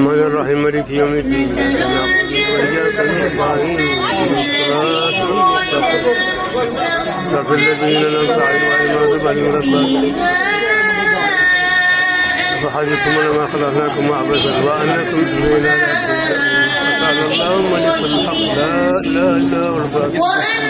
الرحمن الرحيم مالك يوم الدين وإياك نستعين صراط الذين أنعمت عليهم غير المغضوب عليهم ولا الضالين فحاجكم لما خلقناكم عبثا وأنكم إلينا لا ترجعون اللهم لكل حق لا إله إلا هو الباقي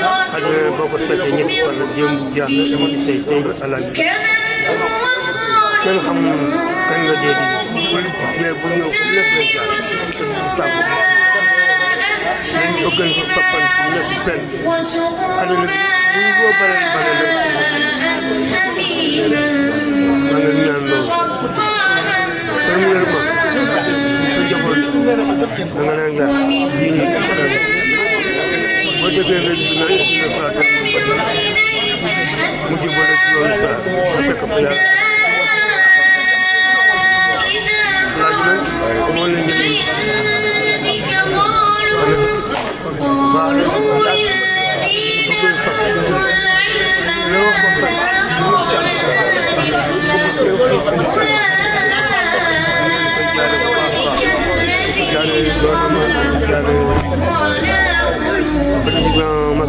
ak boo ko seetee ñëpp wala jéem jeex na بين الجمعية النفاق مجيب ولد الأنصار وثقة بلاد لجنة ومن الذين Thank you.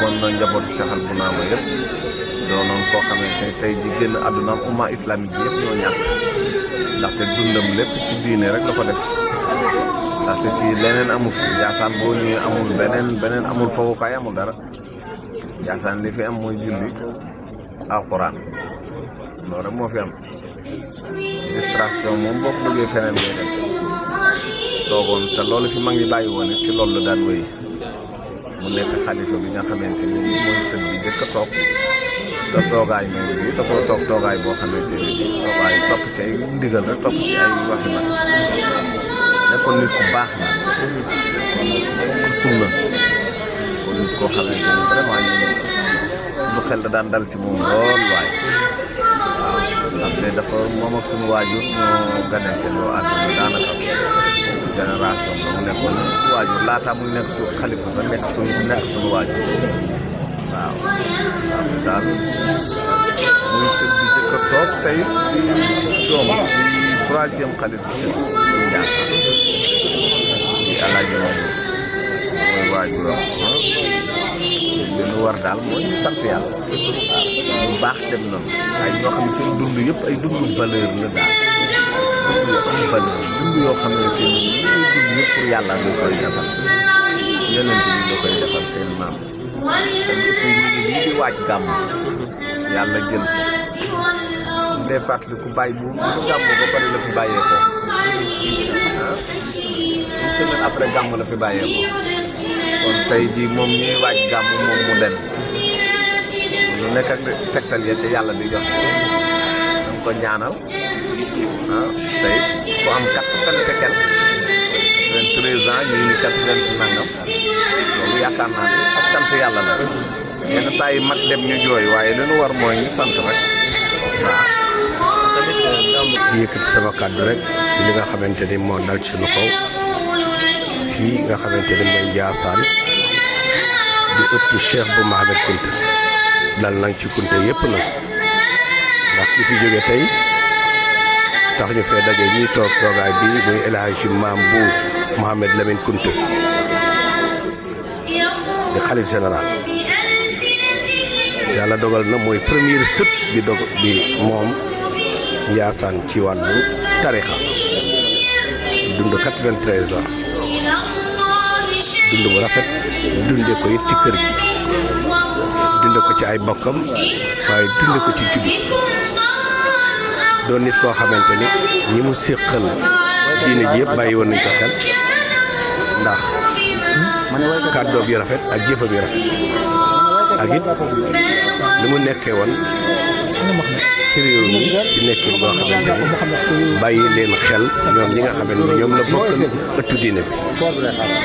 foofu na njabootu Cheikh al Bounama yëpp doonoon koo xamante ne tey ji génn àdduna umma islamique bi yëpp ñoo ñàkk ndaxte dundam lépp ci diine rek la ko def ndaxte fii leneen amul fi jaasaan boo ñëwee amul beneen beneen amul fowukaay amul dara jaasaan li fi am mooy julli alquran loolu rek moo fi am distraction moom boo ko bëggee feneen ngay dem toogoon te loolu fi mag ñi bàyyi woon ci loolu la daan wéy mu nekk xalifa bi nga xamante ni mooy sëñ bi njëkk a toog te toogaay moom bi da koo toog toogaay boo xamante ni toogaay topp ci ay ndigal rek topp ci ay waxi mag nekkoon baax la fonk sunna kon nit koo xel da daan dal ci moom lool waaye waaw dafa moom ak suñu waajur ñoo gane seen loo àdduna daanaka génération ba mu nekkoon na suñu waajur laataa muy nekk suñu xalifa ba nekk suñu nekk suñu waajur waaw waaw te daal muy sëñ bi jëkk a toog tey doom si troisième xalif bi sëñ bi Ndiassane di alaaji moom mooy waajuram li ñu war daal mooy ñu sant yàlla waaw bu baax dem nañu ay ñoo xam ne seen dund yëpp ay dundu valeur la daal dund yu am valeur dund yoo xamante ni ñuy dund yëpp pour yàlla nga koy defal yonent bi nga koy defal seen maam te lépp ñu ngi nii di waaj gàmm yàlla jël ko dee fàttali ku bàyyi bu bu gàmm ba pare la fi bàyyee ko ah une semaine après gàmm la fi bàyyee ko kon tey jii moom ñuy waaj gàmm moom mu dem lu nekk ak tegtal ya ca yàlla di jox danga ko ñaanal ah tey ku am quatre-vingt et quelque treize ans ñii ni quatre-vingt nangam loolu yàlla la yenn saa yi mag dem ñu jooy waaye li nu war mooy ñu sant rek waaw. di yëkkati sama kàddu rek ci li nga xamante ni moo dal ci suñu kaw fii nga xamante ni mooy Ndiassane di ëttu Cheikh bu Mahamed Kounta dal nañ ci Kounta yëpp nag ndax ki fi jóge tey. tax ñu fee daje ñuy toog toogaay bi muy El Maam bu Mouhamed Lamine Kounta di xalif général yàlla dogal na mooy premier sët di dog bi moom Njaasaan ci wàllu tarixa dund 93 ans bu rafet dunde ko it ci kër gi dunde ko ci ay bokkam waaye dunde ko ci jullit loolu nit koo xamante ni ñi mu séqal diine ji yëpp bàyyi woon nañ ko xel ndax kàddoom yu rafet ak jëfam yu rafet ak it li mu nekkee woon ci réew mi ci nekkin boo ni bàyyi leen xel ñoom ñi nga xamante ni ñoom la bokkal ëttu diine bi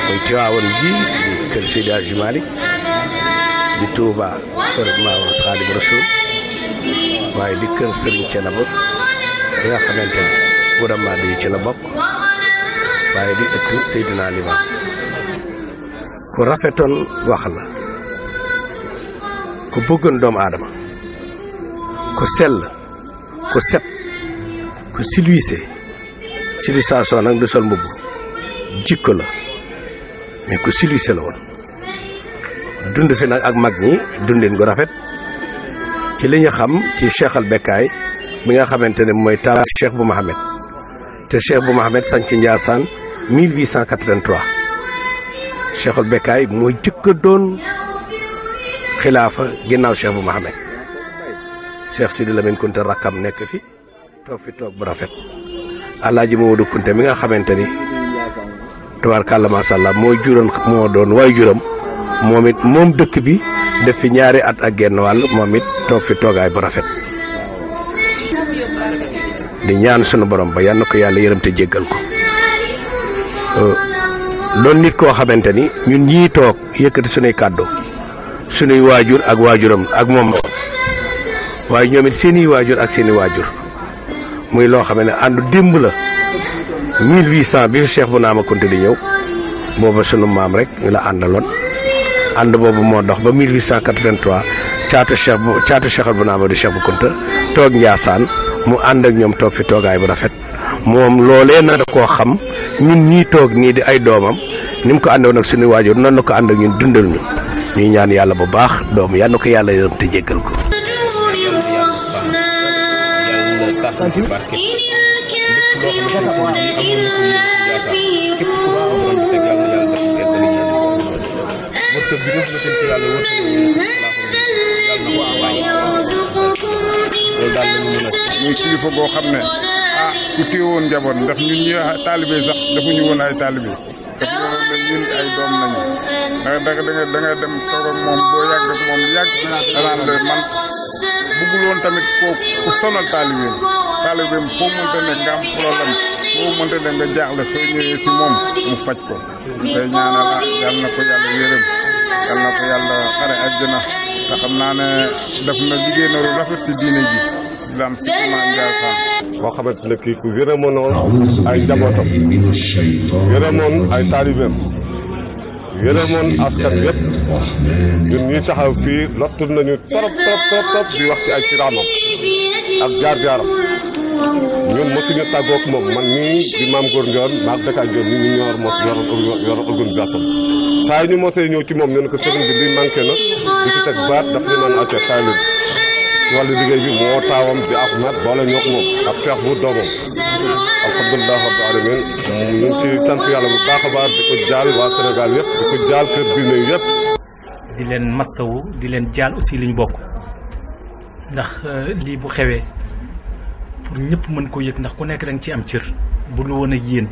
muy Tiwaawan ji di kër Seydi Hadji Malick di Touba kër Maam Xaadimu Rasuul waaye di kër Serigne Thiénaba bi nga xamante ne ci la bokk waaye di ëttu Seydina Limaam ku rafetoon waxla la ku bëggoon doomu aadama ku sell ku set ku siluise siluisation nag du sol mbubb jikko la mais ku siluise la nag ak mag ñi dundin gu rafet ci li ñu xam ci Cheikh Bekkaay mi nga xamantene moy mooy Cheikh bou mohammed te Cheikh bu Mohamed sanc ndiasan 1883 Cheikhul bekay moy jikko don khilafa ginnaw Cheikh bou mohammed Cheikh Sidi Lamine Kunte rakam nek fi tok fi tok bu rafet Alaaji Mamadou Kunte mi nga xamante ni tubaarkàlla macha allah mooy juróon moo doon waay juróom moom it bi def fi ñaari at ak genn wal momit tok fi togay bu rafet. di ñaan sunu borom ba yann ko yàlla yërëm te jéggal ko euh, doon nit koo xamante ni ñun ñii toog yëkkati sunuy kàddu sunuy waajur ak waajuram ak moom waaye ñoom seeni waajur ak seeni waajur muy loo xam ne àndu démb la 1800 bi fi Cheikh Bounama Kounta di ñëw booba sunu maam rek ñu la àndaloon ànd boobu moo dox ba 1883 caatu Cheikh bu caatu Cheikh Bounama di Cheikh bu Kounta toog saan mu and ak ñom tok fi togaay bu rafet mom lolé na da ko xam ñun ñi tok ni di ay domam nim ko àndoon nak suñu wajur nan ko ànd ak ñun dundal ñu ñi ñaan yalla bu baax doom yàlla ko yalla yërëm te jéggal ko wërsëg bi nga xamante daal lañu mën kilifa boo xam ne ah ku téewoon njaboot ndax ñun ñi taalibe sax defuñu woon ay taalibe daf nga dem toog moom boo yàgg moom yàgg danaan la man bëgguloon tamit koo mënta ne nga am mënta nga jaaxle soo ñëwee si moom mu faj ko tey ñaanal ah yàlla na ko yàlla yërëm yàlla ko yàlla xare àjjana te xam naa ne daf na liggéey rafet si diine ji islam si Imane Ndiassane. moo xamante ne kii ku yërëmoon noonu ay njabootam yërëmoon ay taalibeem yërëmoon askan yëpp ñun ñuy taxaw fii lottul nañu trop trop trop trop di wax ci ay kiraamam ak jaar-jaaram ñun mosuñu tàggoog moom man nii di maam góor Ndiol maag dëkk ak Ndiol ñu ñu ñor mos yor yor organisation saa yi ñu mosee ñëw ci moom ñu ne ko sëriñ bi lii manqué na di ci teg baat daf ñu naan acca kaay ci wàllu liggéey bi moo taawam bi Ahmed boole ñoo ko moom ak feex bu doomam alhamdulilah rabbi alamin ñu ngi ci yàlla bu baax a baax di ko jaal waa Sénégal yëpp di ko leen massawu di leen jaal aussi li ñu bokk ndax euh, lii bu xewee pour ñëpp mën ko yëg ndax ku nekk danga ci am cër bu lu woon ak yéen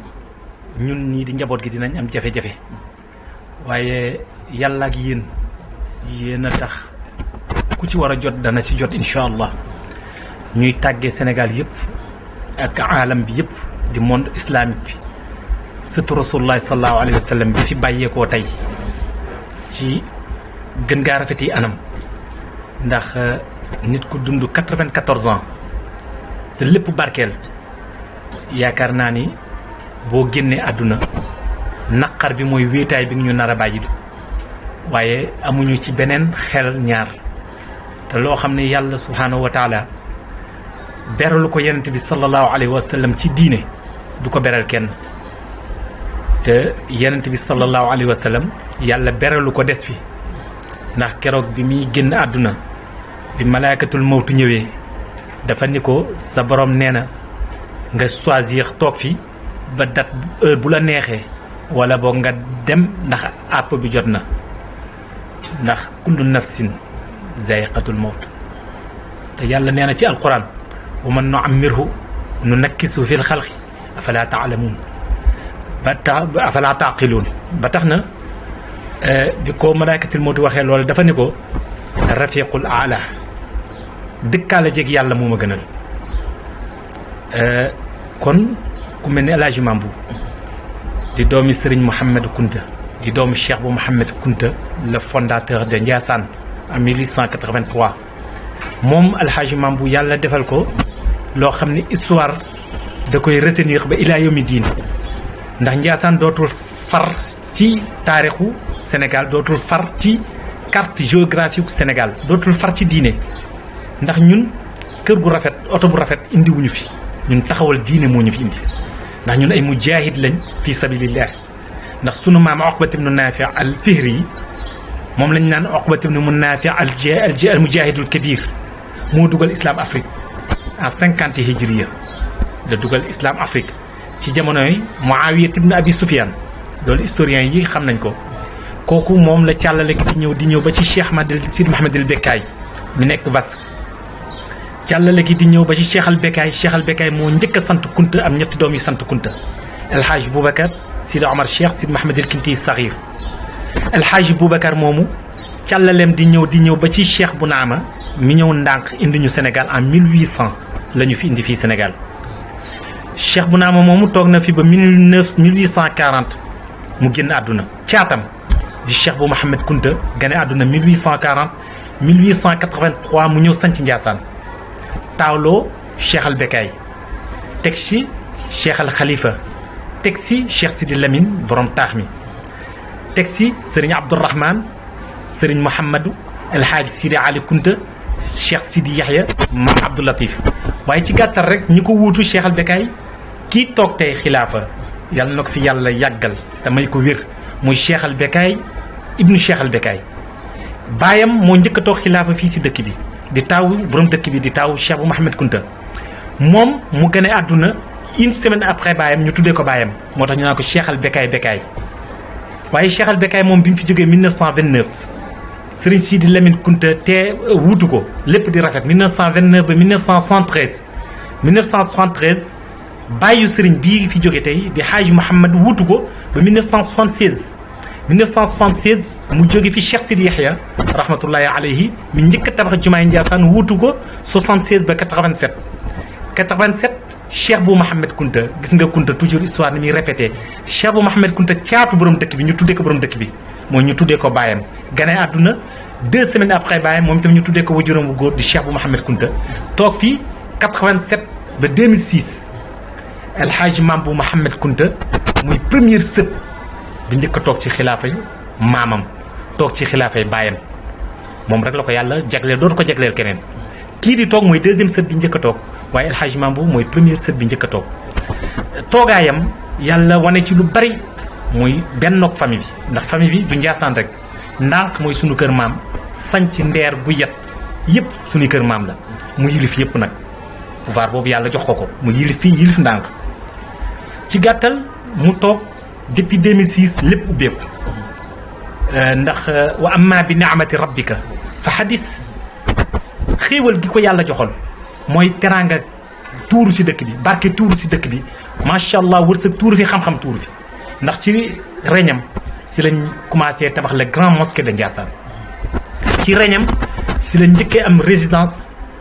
ñun ñii di njaboot gi dinañ am jafe-jafe waaye yàlla ak yéen yéen a tax ku ci war a jot dana ci jot incha allah ñuy tàggee senegal yëpp ak alam bi yëpp di monde islamique bi sëtu rasulullah sallallahu alayhi wa sallam bi fi bàyyeekoo tey ci gën gaa rafet anam ndax euh, nit ku dund 94 ans te lépp barkeel yaakaar naa ni boo génnee àdduna naqar bi mooy wéetaay bi nga ñu nar a bàyyi waaye amuñu ci beneen xel ñaar te loo xam ne yàlla subhaanahu wa taala beralu ko yonent bi sallallahu alayhi wa sallam ci diine du ko beral kenn te yonent bi sallallahu alayhi wa sallam yàlla beralu ko des fi ndax keroog bi muy génn àdduna bi malaakatul mawtu ñëwee dafa ni ko sa borom nee na nga choisir toog fi ba dat heure bu la neexee wala boog nga dem ndax àpp bi jot na ndax kullu nafsin zaiqatul mawt te yàlla nee na ci alquran wa man nu ammirhu nu nakkisu fil xalqi afala taalamuun ba tax afala taqiluun ba tax na bi ko malaakatil mawti waxee loolu dafa ni ko rafiqul ala dëkkaale jeeg yàlla moo ma gënal kon ku mel ni El Hadj Mambu di doomi Serigne Mohamed Kunta di doomu Cheikh bu Mohamed Kunta le fondateur de Ndiassane en 1883 Mom al maam bu Yalla defal ko lo xamni histoire da koy retenir ba ila yomi diin ndax Ndiassane dotul far ci taarixu Senegal dotul far ci carte géographique Senegal dotul far ci diine ndax ñun kër gu rafet auto bu rafet indi wuñu fi ñun taxawal diine moñu fi indi ndax ñun ay mujahid lañ fi sabilillah ndax sunu mam Uqbat ibn Nafi' al Fihri moom lañ naan oqbat ibnu munaafi al mujaahidul kabir moo dugal islam Afrique en cinquante hijriya la dugal islam Afrique ci jamonoy muawiya ibnu abi sufyaan loolu historien yi xam nañ ko kooku moom la càllale ki di ñëw di ñëw ba ci cheikh Mahdi Sidi Mahamad al Bekkaay mi nekk Vas càllale gi di ñëw ba ci cheikh al Bekkaay cheikh al Bekkaay moo njëkk a sant kunta am ñetti doom yi kunta El haj bubakar sid Omar Cheikh sid Mahamad al Kinti Saxiir الحاج بو بوبكر مومو تيالالم دي نيو دي نيو با سي شيخ بوناما مي نيو ندانك اندي نيو سينيغال ان 1800 لا نيو في اندي في سينيغال شيخ بوناما مومو توغنا في ب 1840 مو ген ادونا تياتام دي شيخ بو محمد كونتا غاني ادونا 1840 1883 مو نيو سانتي نياسان تاولو شيخ البكاي تكسي شيخ الخليفه تكسي شيخ سيدي لامين بروم تاخمي تكسي سرين عبد الرحمن سرين محمد الحاج سيري علي Ali Kunta سيدي Sidi Yahya عبد اللطيف Latif تي غاتال gàttal نيكو ووتو شيخ البكاي كي توك تاي خلافه يال نوك في يالا ياغال تا fi yàlla yàggal te may ko wér muy Cheikh al Bekaay ibnu Cheikh al Bekaay baayam moo njëkk a toog xilaafa fii si dëkk bi di taawu borom dëkk bi di Kunta une semaine après bayam ñu tuddé ko bayam motax ñu naan ko Cheikh al waaye Cheikh Al Becaye moom bi mu fi jógee 1929 Serigne Sidi Lamine kunta te wuutu ko lépp di rafet 1929 ba 1973 1973 bàyyu Serigne bii fi jóge tey di Hadj mohammed wuutu ko ba 1976. 1976 mu jóge fi Cheikh Sidi Yahya rahmatullahi alayhi mi njëkk a tabax jumaay Ndiassane wuutu ko 76 ba 87 87. cheikh Bou Mouhamed Kunta gis nga Kunta toujours histoire ni mi répéter cheikh Bou Mouhamed Kunta tiatu borom dekk bi ñu tuddee ko borom dekk bi mooy ñu tuddee ko bayam gané aduna deux semaines après bayam mom tam ñu tuddee ko wajuram bu góor di cheikh Bou Mouhamed Kunta tok fi 87 ba 2006 El Hadj maam Mohamed Mouhamed Kunta muy première sëb bi njëkk tok toog ci xilaafay mamam tok ci xilaafay bayam mom rek la ko yalla jagleel do ko jagleel keneen ki di tok mooy deuxième sëb bi njëkk tok waye al hajj mambou moy premier sët bi njëkk tok togaayam yàlla wone ci lu bari ben nok fami bi ndax fami bi du njaasaan rek ndànk moy sunu kër sañ ci ndeer bu yett yépp sunu kër mam la mu yilif yépp nak pouvoir bobu yàlla jox ko ko mu yilif fi yilif ndànk ci gàttal mu tok depuis 2006 lépp ko ndax wa amma bi ni'mati rabbika fa hadith xewal gi ko yàlla joxol mooy teraanga tuuru si dëkk bi barke tuuru si dëkk bi macha allah wërsëg tuuru fi xam-xam tuuru fi ndax ci reñam si lañ commencé tabax le grand mosquée de Ndiassane ci reñam si lañ njëkkee am résidence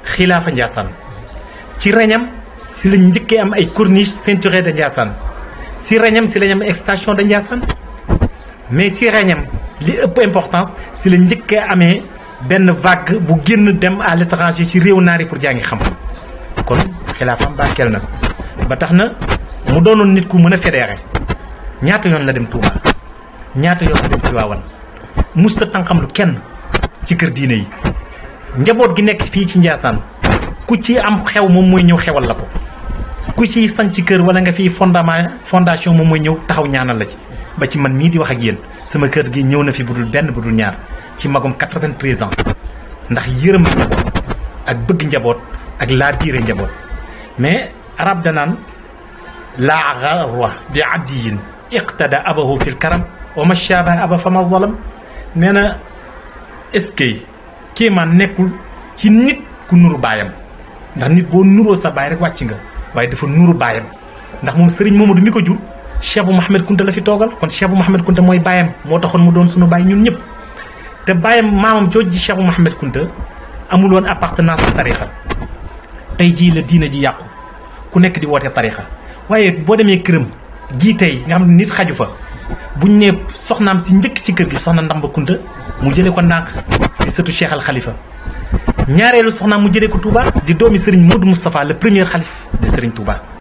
xilaafa Ndiassane ci reñam si lañ njëkkee am ay corniche ceinturée de Ndiassane si reñam si lañ am de Ndiassane mais si reñam li ëpp importance si lañ njëkkee amee benn vague bu génn dem à l'étranger ci réew naar yi pour jàngi xam kon xilaafam barkeel nag ba tax na mu doonoon nit ku mën a fédéré ñaata yoon la dem Touba ñaata yoon la dem Tiwaawan musta tànqam lu kenn ci kër diine yi njaboot gi nekk fii ci Njaasaan ku ci am xew moom mooy ñëw xewal la ko ku ciy ci kër wala nga fiy fondement fondation moom mooy ñëw taxaw ñaanal la ci ba ci man mii di wax ak yéen sama kër gi ñëw na fi budul benn budul ñaar ci magum 93 ans ndax yeureum njaboot ak bëgg njabot ak la dire njabot mais arab da nan la gharwa bi adiyin iqtada abahu fil karam wa mashaba aba fama zalam nee eske ki ce nekul ci nit ku nuru bayam ndax nit bo nuroo sa bay rek wàcc nga waaye dafa nuru bayam ndax mom serigne momadou miko jur cheikh mohammed Kunta la fi togal kon cheikh mohammed Kunta moy bayam mo taxone mu don sunu bay ñun ñep te bàyyam maamam jooj ji Cheikh Mouhamed Kounta amul woon appartenance ak tarixa tey jii la diina ji yàqu ku nekk di woote tarixa waaye boo demee këram jii tey nga xam ne nit xaju fa buñ ne soxnaam si njëkk ci kër gi soxna Ndamba Kounta mu jëlee ko ndànk di sëtu Cheikh Al ñaareelu soxnaam mu jëlee ko Touba di doomi Serigne Modou Moustapha le premier xalif de Serigne Touba.